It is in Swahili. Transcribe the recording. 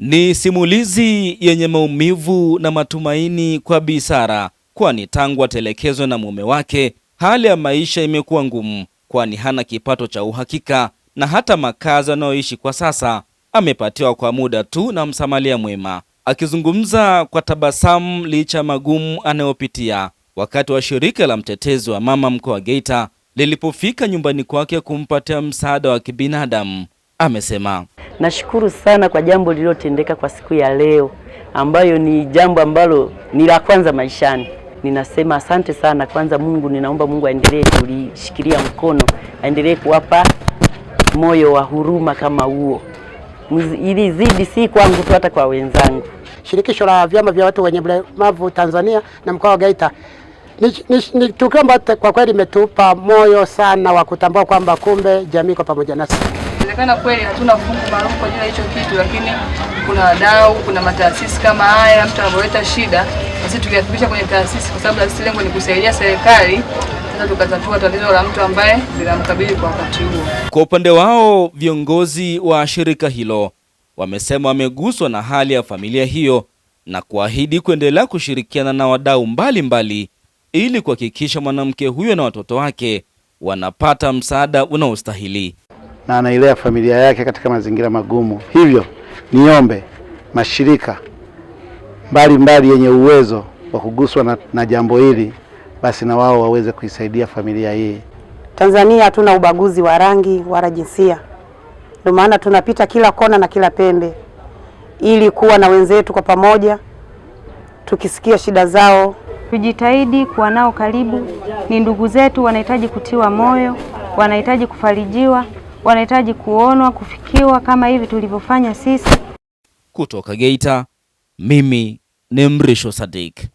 Ni simulizi yenye maumivu na matumaini kwa Bi Sara, kwani tangu atelekezwe na mume wake, hali ya maisha imekuwa ngumu, kwani hana kipato cha uhakika na hata makazi anayoishi kwa sasa amepatiwa kwa muda tu na msamalia mwema. Akizungumza kwa tabasamu licha ya magumu anayopitia, wakati wa shirika la mtetezi wa mama mkoa wa Geita lilipofika nyumbani kwake kumpatia msaada wa kibinadamu, amesema Nashukuru sana kwa jambo lililotendeka kwa siku ya leo, ambayo ni jambo ambalo ni la kwanza maishani. Ninasema asante sana kwanza Mungu, ninaomba Mungu aendelee kulishikilia mkono, aendelee kuwapa moyo wa huruma kama huo, ili zidi si kwangu tu, hata kwa wenzangu. Shirikisho la vyama vya watu wenye ulemavu Tanzania na mkoa wa Geita ni, ni, ni tukio ambalo kwa kweli imetupa moyo sana wa kutambua kwamba kumbe jamii kwa pamoja nasi. Inawezekana kweli hatuna fungu maalum kwa ajili ya hicho kitu, lakini kuna wadau, kuna mataasisi kama haya, mtu anavyoleta shida basi tukiafikisha kwenye taasisi, kwa sababu taasisi lengo ni kusaidia serikali, sasa tukatatua tatizo la mtu ambaye linamkabili kwa wakati huo. Kwa upande wao, viongozi wa shirika hilo wamesema wameguswa na hali ya familia hiyo na kuahidi kuendelea kushirikiana na wadau mbalimbali ili kuhakikisha mwanamke huyo na watoto wake wanapata msaada unaostahili na anailea familia yake katika mazingira magumu. Hivyo niombe mashirika mbalimbali yenye uwezo wa kuguswa na, na jambo hili basi na wao waweze kuisaidia familia hii. Tanzania hatuna ubaguzi wa rangi wala jinsia, ndio maana tunapita kila kona na kila pembe ili kuwa na wenzetu kwa pamoja, tukisikia shida zao tujitahidi kuwa nao karibu. Ni ndugu zetu, wanahitaji kutiwa moyo, wanahitaji kufarijiwa wanahitaji kuonwa, kufikiwa kama hivi tulivyofanya sisi. Kutoka Geita, mimi ni Mrisho Sadik.